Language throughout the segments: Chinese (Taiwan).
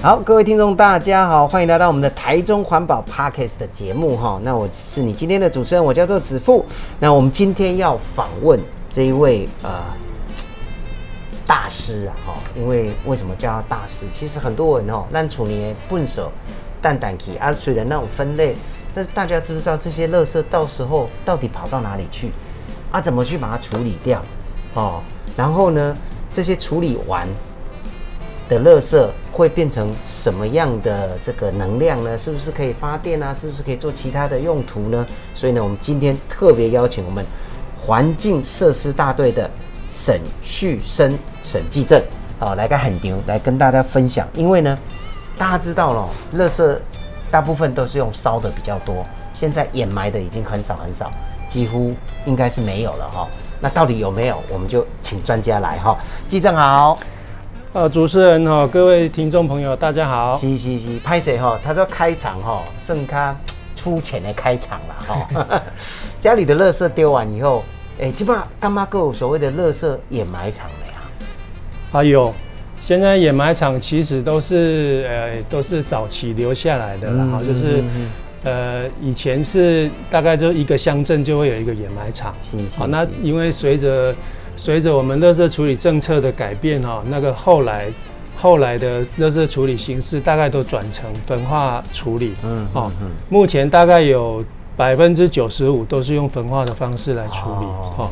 好，各位聽眾，大家好，歡迎來到我們的台中環保 Podcast 的節目哈。那我是你今天的主持人，我叫做子富。那我們今天要訪問這一位呃大師啊，哈，因為為什麼叫他大師？其實很多人哦，亂處理、笨手，蛋蛋皮，啊，雖然那種分類，但是大家知不知道這些垃圾到時候到底跑到哪裡去啊？怎麼去把它處理掉？哦，然後呢，這些處理完的垃圾會變成什麼樣的這個能量呢？是不是可以發電啊？是不是可以做其他的用途呢？所以呢，我們今天特別邀請我們環境設施大隊的沈旭昇沈技正。好，來個很牛，來跟大家分享。因為呢，大家知道咯，垃圾大部分都是用燒的比較多，現在掩埋的已經很少很少，幾乎應該是沒有了哈、哦。那到底有沒有？我們就請專家來哈、哦。技正好。主持人好，各位聽眾朋友，大家好。嘻嘻拍誰哈？他說開場哈，甚康粗淺的開場了哈。 家裡的垃圾丟完以後，哎、欸，基本上幹嘛各所謂的垃圾掩埋場了呀、啊。啊有，現在掩埋場其實都是呃都是早期留下來的了哈、嗯，就是、嗯嗯嗯、呃以前是大概就一個鄉鎮就會有一個掩埋場。好、啊，那因為隨着隨着我們垃圾處理政策的改變哈、喔，那個後來後來的垃圾處理形式大概都轉成焚化處理，哦、嗯嗯喔嗯，目前大概有百分之九十五都是用焚化的方式來處理，哦，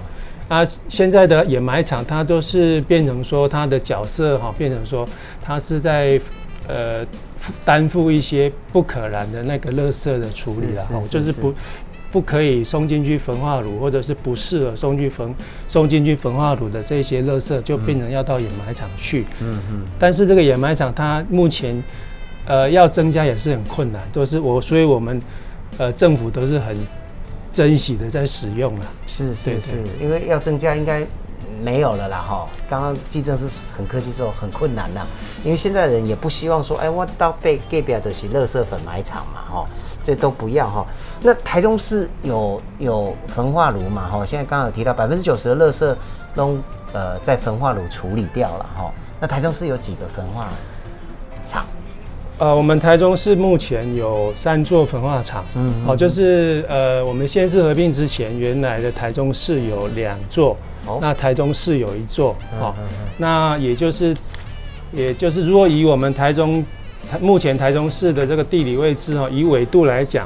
那、喔啊、現在的掩埋場它都是變成說它的角色哈、喔，變成說它是在呃擔負一些不可燃的那個垃圾的處理了，就是不。不可以送進去焚化爐，或者是不適合送去焚，送進去焚化爐的這些垃圾，就變成要到掩埋場去。嗯嗯，嗯。但是這個掩埋場，它目前，呃，要增加也是很困難，都、就是我，所以我們，呃，政府都是很珍惜的在使用了。是是對對對是，是，因為要增加應該沒有了啦哈。剛剛技正是很客氣說很困難啦，因為現在人也不希望說，哎、欸，我到被給別的些垃圾粉埋場嘛哈。這都不要哈，那台中市有有焚化爐嘛哈？現在剛剛，有提到百分之九十的垃圾都呃，在焚化爐處理掉了哈。那台中市有幾個焚化廠？呃，我們台中市目前有三座焚化廠。好，嗯嗯嗯，就是呃我們縣市合併之前，原來的台中市有兩座，哦、那台中市有一座，好、嗯嗯嗯哦，那也就是也就是如果以我們台中。目前台中市的這個地理位置哦，以緯度來講，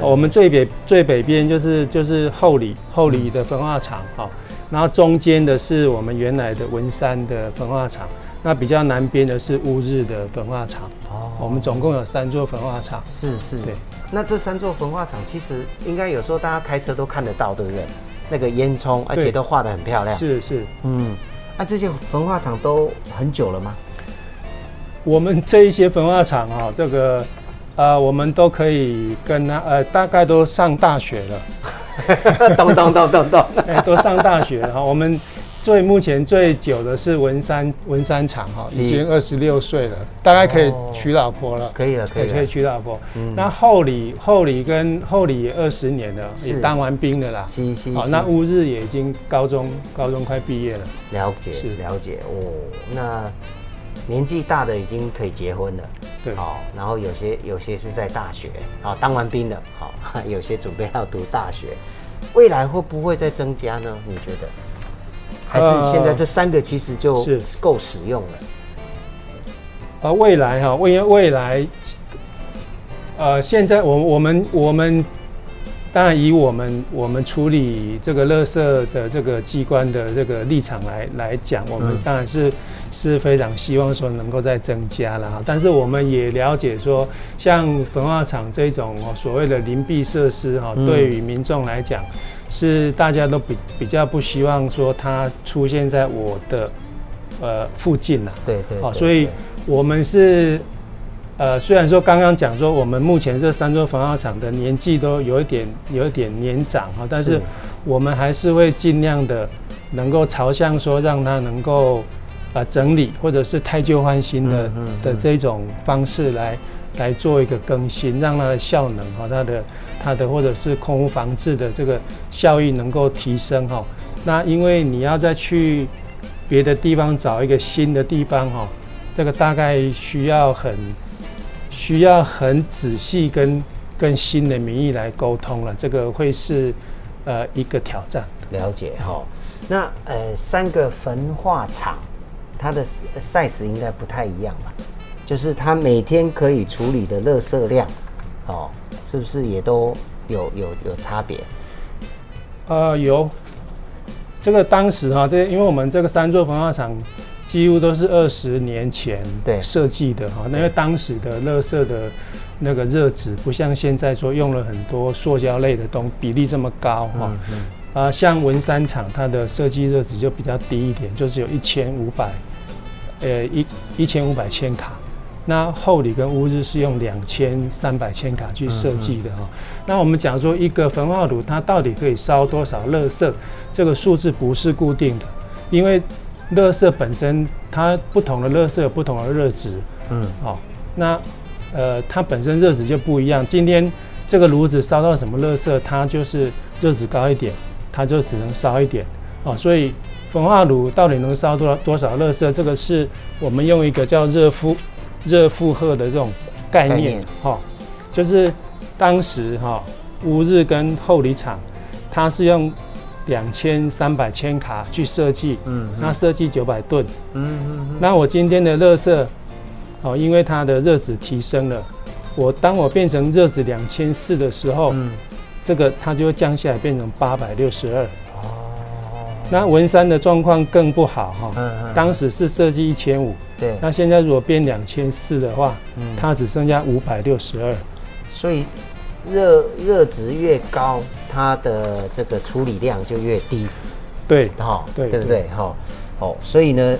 我們最北最北邊就是就是後里后里的焚化廠哈，然後中間的是我們原來的文山的焚化廠，那比較南邊的是烏日的焚化廠。哦，我們總共有三座焚化廠。是是。對。那這三座焚化廠其實應該有時候大家開車都看得到，對不對？那個煙囪，而且都畫得很漂亮。是是。嗯。那、啊、這些焚化廠都很久了嗎？我們這一些焚化廠啊、哦，這個，呃，我們都可以跟那呃，大概都上大學了。當當當當哎，都上大學了哈、哦。 我們最目前最久的是文山文山廠哈、哦，已經二十六歲了，大概可以娶老婆了。哦、可以了，可以了，可以娶老婆。嗯、那后里后里跟后里也二十年了，也當完兵了啦。是是，是。哦，那烏日也已經高中、嗯、高中快畢業了。了解，是了解哦，那。年紀大的已經可以結婚了，對，好、哦，然後有些有些是在大學啊、哦，當完兵的，好、哦，有些準備要讀大學，未來會不會再增加呢？你覺得？還是現在這三個其實就夠使用了。啊、呃呃，未來哈，未來未來，呃，現在我我們我們，當然以我們我們處理這個垃圾的這個機關的這個立場來來講，我們當然是。嗯是非常希望說能夠再增加了哈，但是我們也了解說，像焚化廠這種所謂的鄰避設施哈、嗯，對於民眾來講，是大家都比比較不希望說它出現在我的，呃附近吶。對對，對。好，所以我們是，呃，雖然說剛剛講說我們目前這三座焚化廠的年紀都有一點有一點年長哈，但是我們還是會盡量的能夠朝向說讓它能夠。啊、呃，整理或者是汰舊換新的，嗯嗯、的這種方式來來做一個更新，讓它的效能和，哦、它的它的或者是空污防治的這個效益能夠提升哈，哦。那因為你要再去別的地方找一個新的地方哈，哦，這個大概需要很需要很仔細跟跟新的民意來溝通了，這個會是呃一個挑戰。了解哈，哦。那呃，三個焚化廠。它的 size 應該不太一樣吧？就是它每天可以處理的垃圾量，哦，是不是也都有有有差別？呃，有。這個當時哈，這因為我們這個三座焚化廠幾乎都是二十年前對設計的哈，因為當時的垃圾的那個熱值不像現在說用了很多塑膠類的東西比例這麼高哈。啊、嗯嗯，像文山廠它的設計熱值就比較低一點，就是有一千五百。呃、欸，一一千五百千卡，那后里跟烏日是用兩千三百千卡去設計的哈、哦嗯嗯。那我們講說一個焚化爐，它到底可以燒多少垃圾？這個數字不是固定的，因為垃圾本身它不同的垃圾有不同的熱值，嗯，哦，那呃它本身熱值就不一樣。今天這個爐子燒到什麼垃圾，它就是熱值高一點，它就只能燒一點哦，所以。焚化爐到底能燒多少多少垃圾？這個是我們用一個叫熱負熱負荷的這種概念，哈、哦，就是當時哈烏、哦、日跟后里廠，它是用兩千三百千卡去設計，嗯，那設計九百噸，嗯嗯，那我今天的垃圾，哦，因為它的熱值提升了，我當我變成熱值兩千四的時候，嗯，這個它就會降下來變成八百六十二。那文山的狀況更不好哈、嗯嗯，當時是設計一千五，對，那現在如果變兩千四的話，它、嗯、只剩下五百六十二，所以熱熱值越高，它的這個處理量就越低，對，哈，對，對，對，對不對哈？哦，所以呢，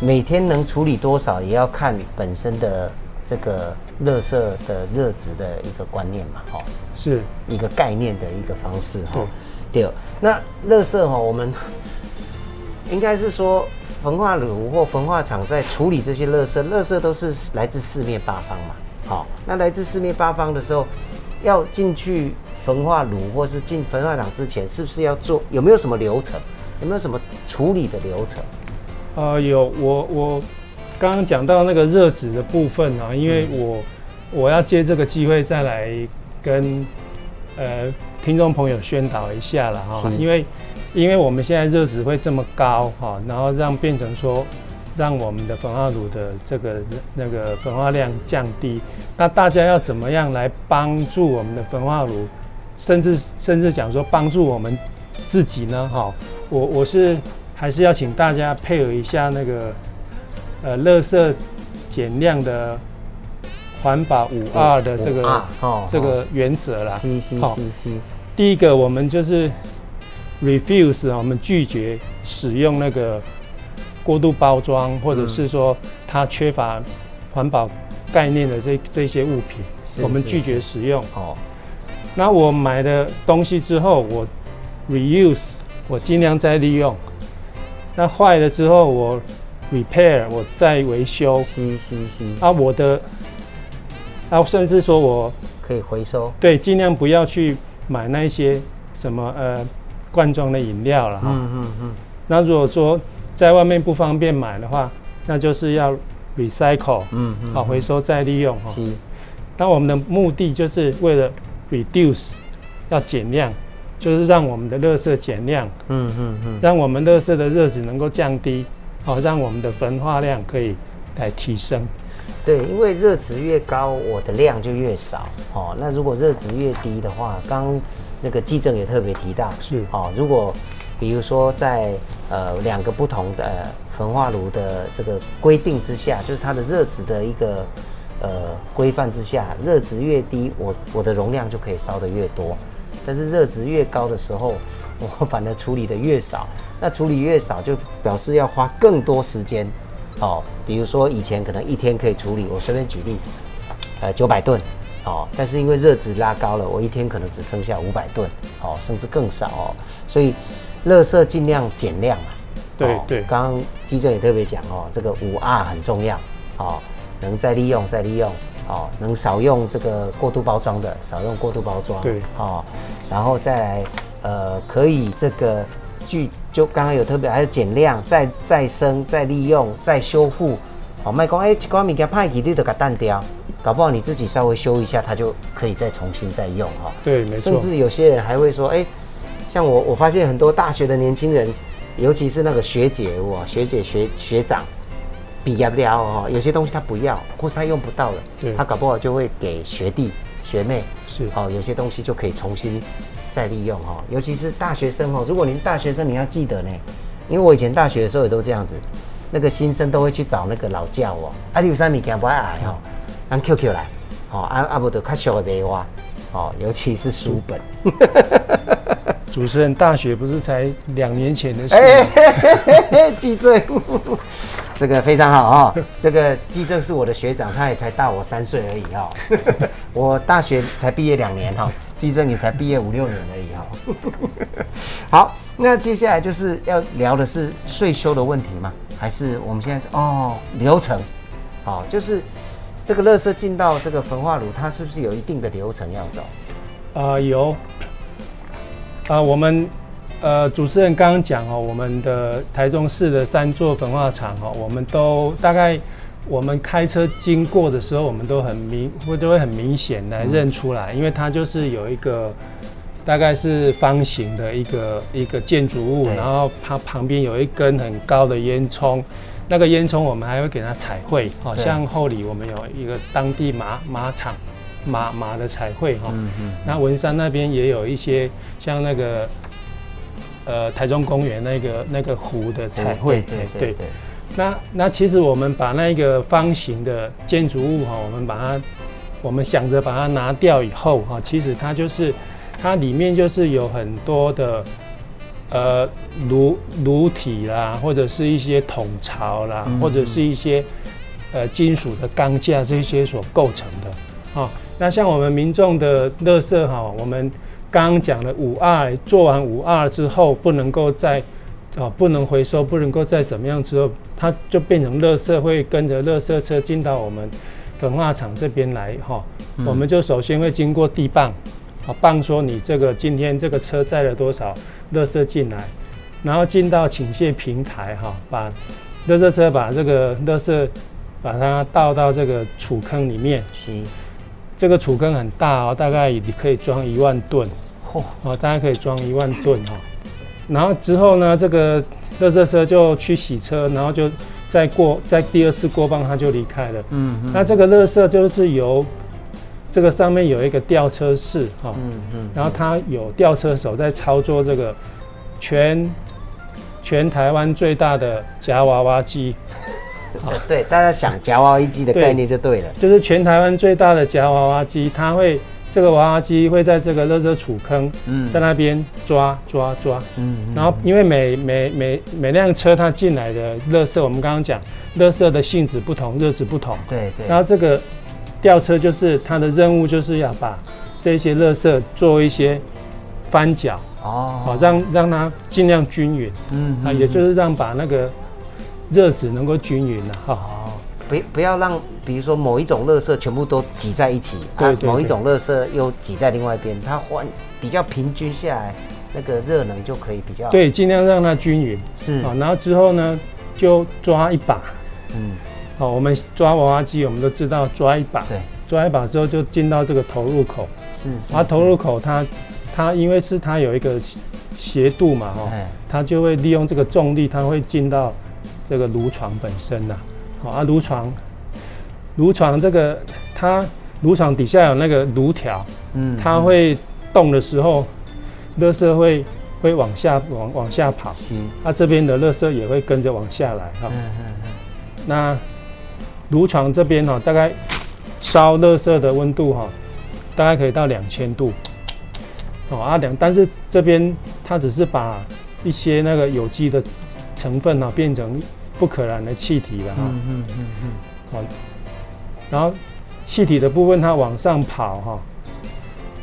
每天能處理多少也要看本身的這個垃圾的熱值的一個觀念嘛，哈，是一個概念的一個方式哈。第二，那垃圾哈，我們。應該是說，焚化爐或焚化廠在處理這些垃圾，垃圾都是來自四面八方嘛。好、哦，那來自四面八方的時候，要進去焚化爐或是進焚化廠之前，是不是要做有沒有什麼流程，有沒有什麼處理的流程？呃，有，我我剛剛講到那個熱值的部分啊，因為我、嗯、我要借這個機會再來跟呃聽眾朋友宣導一下了哈，因為。因為我們現在熱值會這麼高哈、哦，然後讓變成說，讓我們的焚化爐的這個那個焚化量降低，那大家要怎麼樣來幫助我們的焚化爐，甚至甚至講說幫助我們自己呢？哈、哦，我我是還是要請大家配合一下那個呃，垃圾減量的環保 5R 的這個、哦 5R, 哦、這個原則啦、哦哦哦。第一個我們就是。Refuse 我們拒絕使用那個過度包裝，或者是說它缺乏環保概念的這這些物品，我們拒絕使用。是是。那我買的東西之後，我 reuse，我儘量再利用。那壞了之後，我 repair，我再維修。是是是。啊，我的啊，甚至說我可以回收。對，儘量不要去買那些什麼呃。罐裝的飲料了哈，嗯嗯嗯。那如果說在外面不方便買的話，那就是要 recycle，嗯嗯，好、嗯、回收再利用哈。那我們的目的就是為了 reduce，要減量，就是讓我們的垃圾減量，嗯嗯嗯，讓我們垃圾的熱值能夠降低，好，讓我們的焚化量可以來提升。對，因為熱值越高，我的量就越少，哦。那如果熱值越低的話，剛。那個技正也特別提到，是哦，如果比如說在呃兩個不同的焚化爐的這個規定之下，就是它的熱值的一個呃規範之下，熱值越低，我我的容量就可以燒得越多。但是熱值越高的時候，我反而處理的越少。那處理越少，就表示要花更多時間。哦，比如說以前可能一天可以處理，我隨便舉例，呃九百噸。哦，但是因為熱值拉高了，我一天可能只剩下五百噸，哦，甚至更少哦，所以，垃圾盡量減量啊。對對、哦，剛剛技正也特別講哦，這個五 R 很重要，哦，能再利用再利用，哦，能少用這個過度包裝的，少用過度包裝。對，哦，然後再來，呃，可以這個聚就剛剛有特別還有減量，再再生再利用再修復。哦，賣光哎，米給掉，搞不好你自己稍微修一下，它就可以再重新再用哈、喔。對，沒錯。甚至有些人還會說，哎、欸，像我，我發現很多大學的年輕人，尤其是那個學姐學姐學學長，比不了有些東西他不要，或是他用不到了，對，他搞不好就會給學弟學妹，是、喔，有些東西就可以重新再利用哈、喔。尤其是大學生哦、喔，如果你是大學生，你要記得呢，因為我以前大學的時候也都這樣子。那個新生都會去找那個老教哦，啊，你有啥物件不愛愛吼？用、哦、QQ 來，吼、哦，啊啊，不得卡俗的電話，尤其是書本。主持人 大學不是才兩年前的事？哎、欸，技、欸、正，欸欸、 這個非常好哦，這個技正是我的學長，他也才大我三歲而已哦。 我大學才畢業兩年哦。地震，你才畢業五六年而已哈、喔。好，那接下來就是要聊的是歲修的問題嘛？還是我們現在是哦流程？好、哦，就是這個垃圾進到這個焚化爐，它是不是有一定的流程要走？啊、呃、有啊、呃，我們呃主持人剛剛講哦，我們的台中市的三座焚化廠哦，我們都大概。我們開車經過的時候，我們都很明，會都會很明顯的認出來，嗯，因為它就是有一個大概是方形的一個一個建築物，然後它旁邊有一根很高的煙囪，那個煙囪我們還會給它彩繪。好，哦，像后里我們有一個當地馬馬場馬馬的彩繪哈，哦嗯，那文山那邊也有一些像那個呃台中公園那個那個湖的彩繪。對對。對對對那那其實我們把那個方形的建築物哈、啊，我們把它，我們想着把它拿掉以後哈、啊，其實它就是它裡面就是有很多的呃爐爐體啦，或者是一些桶槽啦，嗯、或者是一些呃金屬的鋼架這些所構成的。啊、那像我們民眾的垃圾哈、啊，我們剛剛講的 5R 做完 5R 之後，不能夠再。啊、哦，不能回收，不能夠再怎麼樣之後，它就變成垃圾，會跟着垃圾車進到我們焚化廠這邊來哈、哦嗯。我們就首先會經過地磅，啊、哦，磅說你這個今天這個車載了多少垃圾進來，然後進到傾卸平台哈、哦，把垃圾車把這個垃圾，把它倒到這個儲坑裡面。是，這個儲坑很大啊、哦，大概你可以裝一萬噸、哦。哦，大概可以裝一萬噸哈。哦然後之後呢，這個樂色車就去洗車，然後就再過再第二次過磅，他就離開了。嗯，嗯，那這個樂色就是由這個上面有一個吊車室哈，嗯嗯，嗯，然後他有吊車手在操作這個全全台灣最大的夾娃娃機。 對，大家想夾娃娃機的概念就對了，對，就是全台灣最大的夾娃娃機，他會。這個娃娃機會在這個垃圾儲坑，嗯，在那邊抓抓抓，嗯，然後因為每每每每輛車它，進來的垃圾，我們剛剛講垃圾的性質不同，熱值不同，對對。然後這個吊車就是它的任務，就是要把這些垃圾做一些翻攪，哦，好讓讓它盡量均勻，嗯，啊，也就是讓把那個熱值能夠均勻了哦哦哦，好，不不要讓。比如說某一種垃圾全部都擠在一起、啊對對對，某一種垃圾又擠在另外一邊，它換比較平均下來，那個熱能就可以比較對，儘量讓它均勻是啊、哦，然後之後呢就抓一把，嗯，好、哦，我們抓娃娃機我們都知道抓一把，對，抓一把之後就進到這個投入口，是是，是，啊投入口它它因為是它有一個斜度嘛哈、哦，它就會利用這個重力，它會進到這個爐床本身好啊爐、哦啊、床。爐床這個，它爐床底下有那個爐條，嗯，它會動的時候，嗯、垃圾會會往下，往往下跑，嗯，它、啊、這邊的垃圾也會跟着往下來哈、哦嗯嗯嗯。那爐床這邊哈、哦，大概燒垃圾的溫度哈、哦，大概可以到兩千度。哦，啊，兩，但是這邊它只是把一些那個有機的成分啊、哦，變成不可燃的氣體了。嗯嗯嗯嗯。好、嗯。嗯哦然後氣體的部分，它往上跑哈，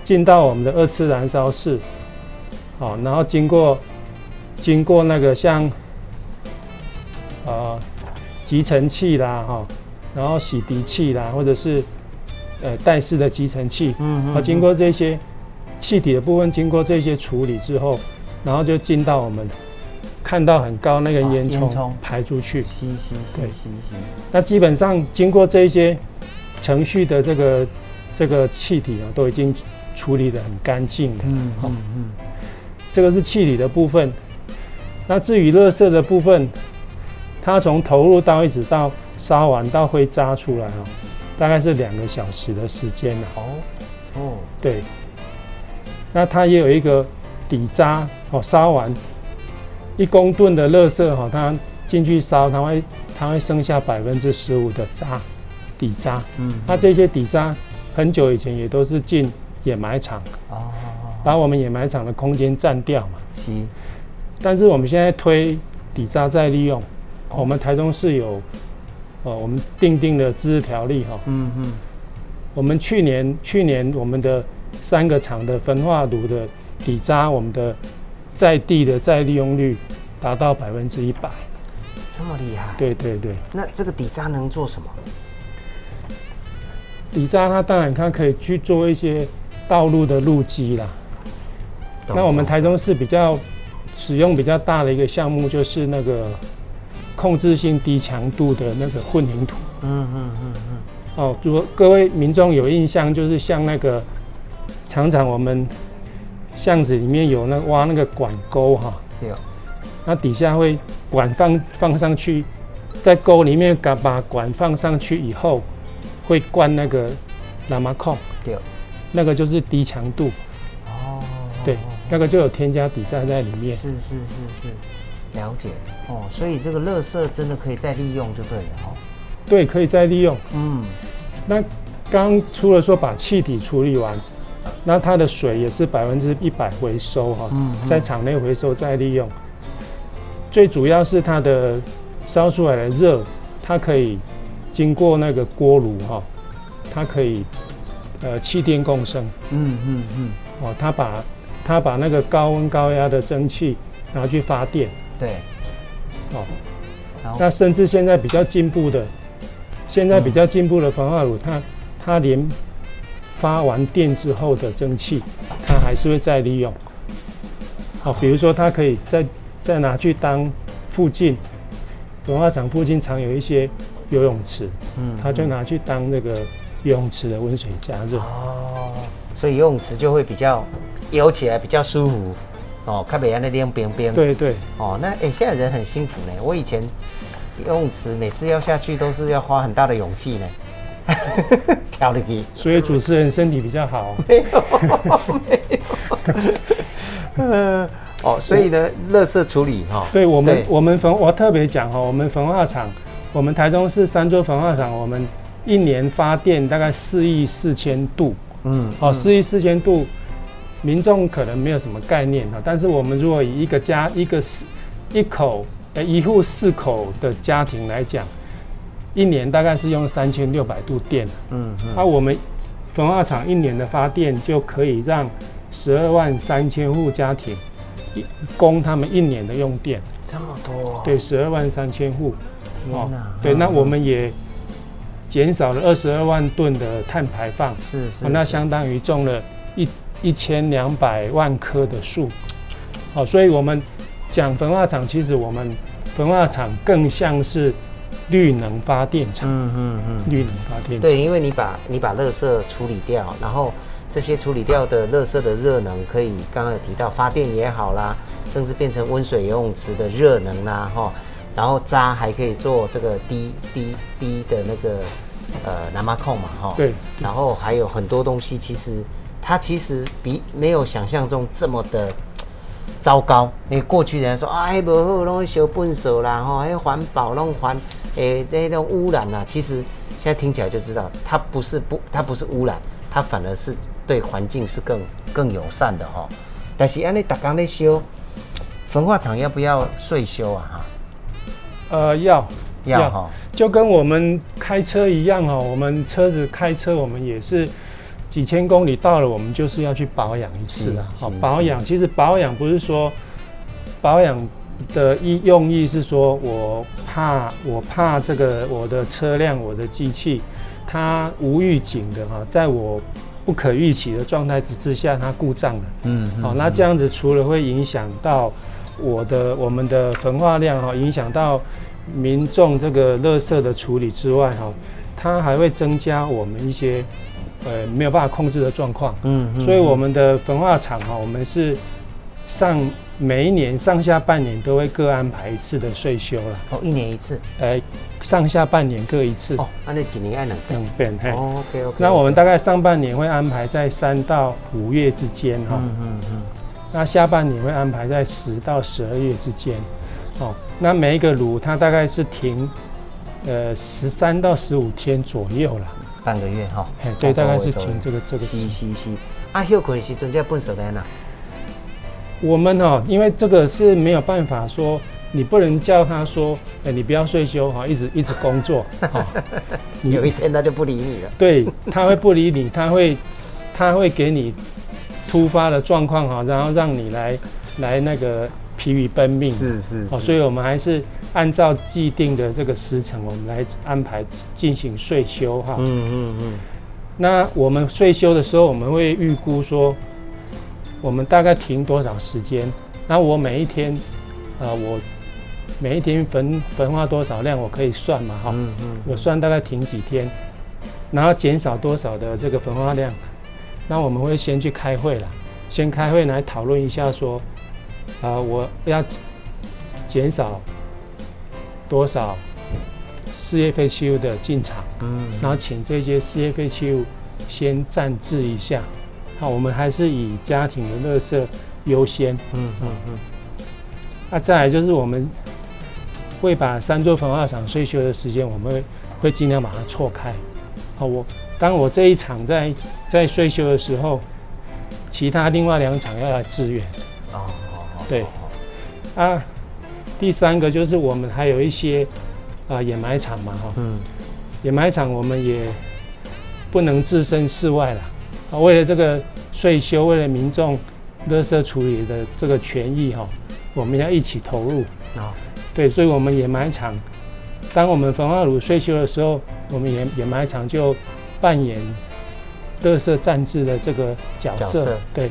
進到我們的二次燃燒室，好，然後經過經過那個像呃集成器啦哈，然後洗滌器啦，或者是呃袋式的集塵器，好、嗯，嗯嗯、經過這些氣體的部分經過這些處理之後，然後就進到我們。看到很高那個煙囪排出去，吸吸吸，對吸。那基本上經過這些程序的這個這個氣體啊，都已經處理得很乾淨了。嗯，這個是氣體的部分。那至於垃圾的部分，它從投入到一直到燒完到灰渣出來哦，大概是兩個小時的時間。哦哦，對。那它也有一個底渣哦，燒完。一公噸的垃圾哈、哦，它進去燒，它會它會剩下百分之十五的渣，底渣。嗯，那這些底渣很久以前也都是進掩埋場、哦，把我們掩埋場的空間佔掉嘛。是。但是我們現在推底渣再利用，哦、我們台中市有，呃、我們訂定的自治條例哈、哦。嗯嗯。我們去年去年我們的三個廠的焚化爐的底渣，我們的。在地的再利用率達到百分之一百，這麼厲害？對對對。那這個底渣能做什麼？底渣它當然它可以去做一些道路的路基啦。那我們台中市比較使用比較大的一個項目，就是那個控制性低強度的那個混凝土。嗯嗯嗯嗯。哦，如果各位民眾有印象，就是像那個常常我們。巷子裡面有那挖那個管溝哈，對那底下會管放放上去，在溝裡面把，把管放上去以後，會灌那個喇嘛控，對，那個就是低強度，哦，對哦，那個就有添加底渣在，在裡面，是是是是，了解哦，所以這個垃圾真的可以再利用就對了哦，對，可以再利用，嗯，那剛除了說把氣體處理完。那它的水也是百分之一百回收哈，哦嗯嗯，在廠內回收再利用，最主要是它的燒出來的熱，它可以經過那個鍋爐哈，它可以汽電共生，嗯嗯，嗯，哦，它把它把那個高溫高壓的蒸汽拿去發電，對，哦，那甚至現在比較進步的，現在比較進步的焚化爐，嗯，它它連。發完電之後的蒸汽，它還是會再利用。好、哦，比如說它可以再再拿去當附近焚化廠附近常有一些游泳池，嗯，嗯，它就拿去當那個游泳池的溫水加熱。哦，所以游泳池就會比較游起來比較舒服哦，看別人在邊冰，冰對，對對。哦，那哎、欸，現在人很幸福呢。我以前游泳池每次要下去都是要花很大的勇氣呢。 所以主持人身體比較好。啊， 哦，所以呢，垃圾處理哈、哦。對我們，我們焚，我特別講哈，我們焚化廠，我們台中市三座焚化廠，我們一年發電大概四億四千度。嗯，哦，四億四千度，嗯，民眾可能沒有什麼概念、哦，但是我們如果以一個家一個四一口呃一戶四口的家庭來講。一年大概是用三千六百度電，嗯，那、嗯啊、我們焚化廠一年的發電就可以讓十二萬三千戶家庭一供他們一年的用電，這麼多、哦？對，十二萬三千戶。天、啊哦嗯、對、嗯，那我們也減少了二十二萬噸的碳排放，是是、啊，那相當於種了一一千兩百萬棵的樹，好、嗯哦，所以我們講焚化廠，其實我們焚化廠更像是。綠能發電廠，嗯嗯嗯，綠能發電，對，因為你把你把垃圾處理掉，然後這些處理掉的垃圾的熱能可以剛剛有提到發電也好啦，甚至變成溫水游泳池的熱能啦，哈，然後渣還可以做這個滴滴滴的那個呃南馬控嘛，哈，對，然後還有很多東西，其實它其實比沒有想象中這麼的糟糕。你過去人家說啊，不好弄小笨手啦，哈，環保弄環。哎、欸，這、欸、種污染啊，其實現在聽起來就知道，它不是不，它不是污染，它反而是對環境是更更友善的哈、喔。但是，安你大剛在修，焚化廠要不要歲修啊？哈？呃，要要,要就跟我們開車一樣哦、喔。我們車子開車，我們也是幾千公里到了，我們就是要去保養一次啊。好，保養，其實保養不是說保養。的意用意是說，我怕我怕這個我的車輛、我的機器，它無預警的哈、啊，在我不可預期的狀態之下，它故障了。嗯、好、嗯哦，那這樣子除了會影響到我的我們的焚化量哈、啊，影響到民眾這個垃圾的處理之外哈、啊，它還會增加我們一些呃沒有辦法控制的狀況、嗯。嗯，所以我們的焚化廠哈、啊，我們是上。每一年上下半年都會各安排一次的歲修了、啊。哦，一年一次。哎、呃，上下半年各一次。哦，那那幾年還能？能，遍。o、哦、k OK, okay。Okay. 那我們大概上半年會安排在三到五月之間哈、喔。嗯嗯，嗯那下半年會安排在十到十二月之間、喔。哦、嗯嗯嗯喔嗯，那每一個爐它大概是停，呃，十三到十五天左右了。半個月哈。嘿，對，對，大概是停這個，個，個停這個時間、這個。是是是。可休是準備不熟的呢。我們哦、喔，因為這個是沒有辦法說，你不能叫他說，哎、欸，你不要歲修哈，一直一直工作哈、 喔。有一天他就不理你了。對，他會不理你，他會，他會給你突發的狀況哈，然後讓你來來那個疲於奔命。是是。哦、喔，所以我們還是按照既定的這個時程，我們來安排進行歲修哈。嗯嗯嗯。那我們歲修的時候，我們會預估說。我們大概停多少時間？那我每一天，呃，我每一天焚焚化多少量，我可以算嘛？哈、嗯嗯，我算大概停幾天，然後減少多少的這個焚化量？那我們會先去開會啦，先開會來討論一下，說，呃，我要減少多少事業廢棄物的進場，嗯，然後請這些事業廢棄物先暫置一下。好、啊，我們還是以家庭的垃圾優先。嗯嗯嗯。那、嗯啊、再來就是我們會把三座焚化廠歲修的時間，我們會盡量把它錯開。啊，我當我這一廠在在歲修的時候，其他另外兩廠要來支援。啊，對。啊，第三個就是我們還有一些啊掩埋場嘛，哈、哦。嗯。掩埋場我們也不能置身事外了。啊，為了這個。歲修為了民眾，垃圾處理的這個權益哈、哦，我們要一起投入啊、哦。對，所以我們掩埋場，當我們焚化爐歲修的時候，我們也掩埋場就扮演垃圾暫置的這個角色，角色。對。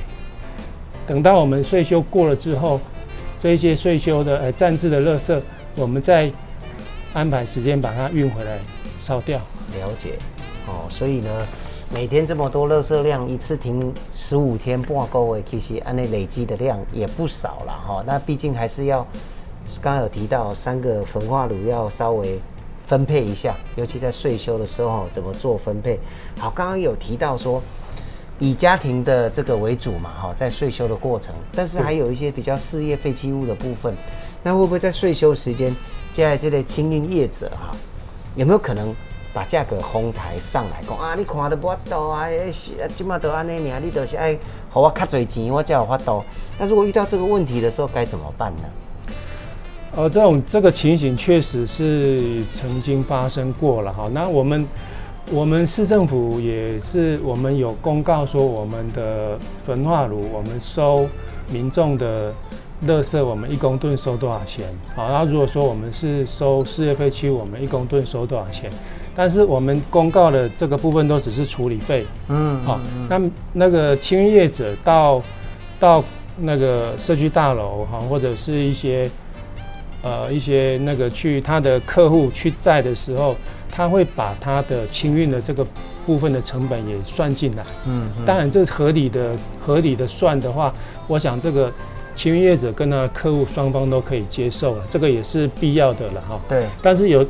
等到我們歲修過了之後，這些歲修的呃暫置的垃圾，我們再安排時間把它運回來燒掉。了解。哦，所以呢？每天這麼多垃圾量，一次停十五天半個月，其實按內累積的量也不少了哈。那畢竟還是要，剛剛有提到三個焚化爐要稍微分配一下，尤其在歲修的時候怎麼做分配？好，剛剛有提到說以家庭的這個為主嘛哈，在歲修的過程，但是還有一些比較事業廢棄物的部分、嗯，那會不會在歲修時間接下來這類清運業者哈？有沒有可能？把價格哄抬上來說，講啊，你看得不多啊，是啊，起碼都按呢啊，你就是愛給我較多錢，我才有法度。那如果遇到這個問題的時候，該怎麼辦呢？呃，這種這個情形確實是曾經發生過了哈。那我們我們市政府也是，我們有公告說，我們的焚化爐，我們收民眾的垃圾，我們一公噸收多少錢？好，那如果說我們是收事業廢棄，我們一公噸收多少錢？但是我們公告的這個部分都只是處理費，嗯，嗯，嗯，好、哦，那那個清運業者到到那個社區大樓哈、哦，或者是一些呃一些那個去他的客戶去載的時候，他會把他的清運的這個部分的成本也算進來，嗯，嗯，當然這合理的合理的算的話，我想這個清運業者跟他的客戶雙方都可以接受了，這個也是必要的了哈、哦，對，但是有。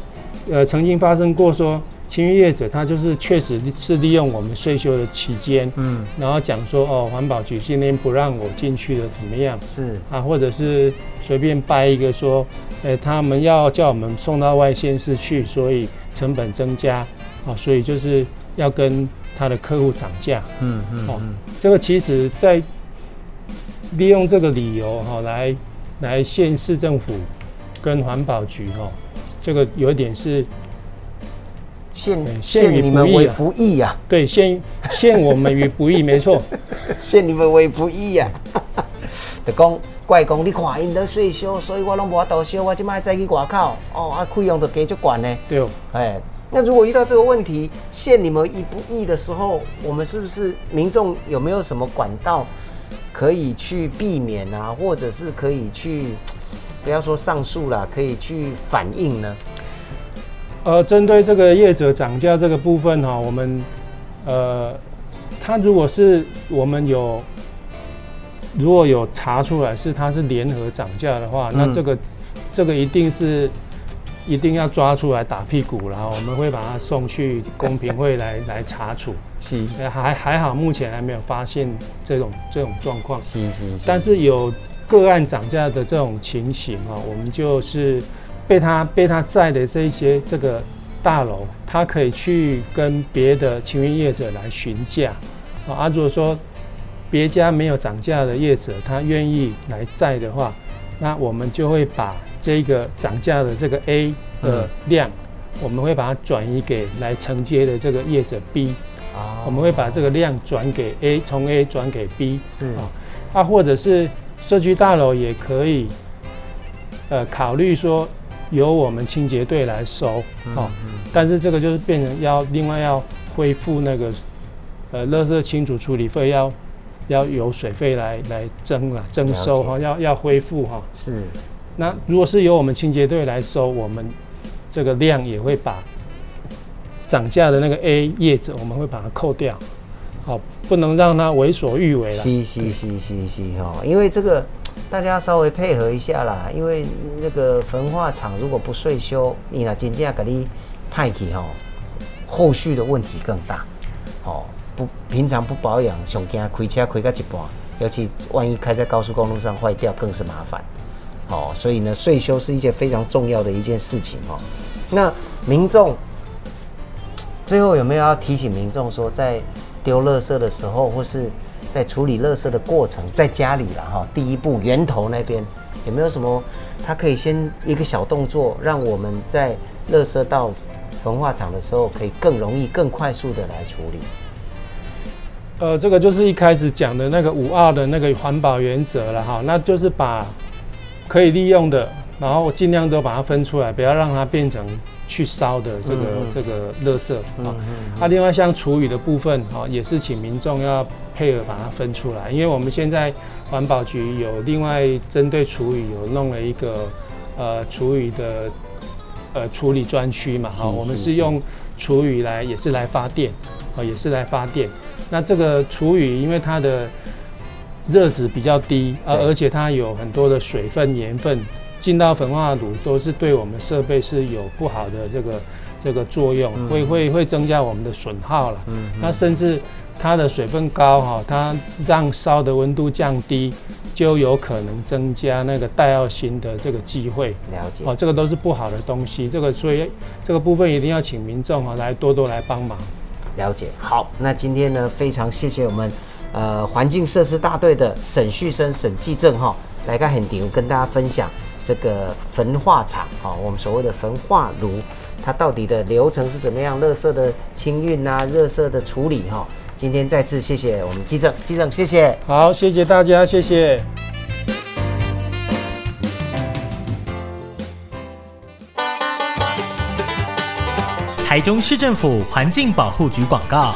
呃，曾經發生過說，簽約業者他就是確實是利用我們歲修的期間，嗯，然後講說哦，環保局今天不讓我進去了，怎麼樣？是啊，或者是隨便掰一個說、欸，他們要叫我們送到外縣市去，所以成本增加，好、哦，所以就是要跟他的客戶漲價，嗯嗯，哦嗯，這個其實在利用這個理由哈、哦，來來縣市政府跟環保局哈。哦這個有一點是陷陷、啊、你們為不義啊！對，陷陷我們於不義， 沒錯，陷你們為不義啊！ 就講怪公，你看因在歲修，所以我攏無法度燒，我即擺再去外口哦，啊，費用就加足貴呢。對哦，哎，那如果遇到這個問題，陷你們於不義的時候，我們是不是民眾有沒有什麼管道可以去避免啊，或者是可以去？不要說上訴了，可以去反映呢。呃，針對這個業者漲價這個部分哈、喔，我們呃，他如果是我們有如果有查出來是他是聯合漲價的話，那這個、嗯、這個一定是一定要抓出來打屁股。然後我們會把它送去公平會來 來，來查處。是，還還好，目前還沒有發現這種這種狀況。是是，是是是，但是有。個案漲價的這種情形啊，我們就是被他被他載的這一些這個大樓，他可以去跟別的清運業者來詢價啊。如果說，別家沒有漲價的業者，他願意來載的話，那我們就會把這個漲價的這個 A 的量，嗯、我們會把它轉移給來承接的這個業者 B 啊、哦，我們會把這個量轉給 A，從 A 轉給 B 是啊，啊或者是。社區大樓也可以，呃，考慮說由我們清潔隊來收，哦、嗯嗯，但是這個就是變成要另外要恢復那個，呃，垃圾清除處理費要要由水費來來徵了徵收哈，要要恢復哈。是。那如果是由我們清潔隊來收，我們這個量也會把漲價的那個 A 葉子，我們會把它扣掉，好。不能讓他為所欲為了是是是是是、是、是、哦、因為這個大家稍微配合一下啦。因為那個焚化廠如果不歲修，你那真正把你派去後續的問題更大。哦、不平常不保養，上驚開車開到一半，尤其萬一開在高速公路上壞掉，更是麻煩。哦，所以呢，歲修是一件非常重要的一件事情哈、哦。那民眾最後有沒有要提醒民眾說在？丟垃圾的時候，或是在處理垃圾的過程，在家裡了哈，第一步源頭那邊有沒有什麼？他可以先一個小動作，讓我們在垃圾到焚化廠的時候，可以更容易、更快速地來處理。呃，這個就是一開始講的那個 5R 的那個環保原則了哈，那就是把可以利用的，然後我盡量都把它分出來，不要讓它變成。去燒的這個、嗯、這個垃圾、嗯哦嗯、啊，啊、嗯，另外像廚餘的部分啊、哦，也是請民眾要配合把它分出來。因為我們現在環保局有另外針對廚餘有弄了一個呃廚餘的呃處理專區嘛，哈、哦，我們是用廚餘來也是來發電啊、哦，也是來發電。那這個廚餘因為它的熱值比較低而、啊、而且它有很多的水分、鹽分。進到焚化爐都是對我們設備是有不好的這個這個作用，嗯、會會會增加我們的損耗了、嗯。嗯，那甚至它的水分高哈，它讓燒的溫度降低，就有可能增加那個戴奧辛的這個機會。了解哦，這個都是不好的東西。這個所以這個部分一定要請民眾啊來多多來幫忙。了解，好，那今天呢非常謝謝我們呃環境設施大隊的沈旭昇、沈技正哈、哦、來個很牛跟大家分享。這個焚化廠，哈、哦，我們所謂的焚化爐，它到底的流程是怎麼樣？垃圾的清運啊，垃圾的處理，哈、哦。今天再次謝謝我們技正，技正謝謝，好，謝謝大家，謝謝。台中市政府環境保護局廣告。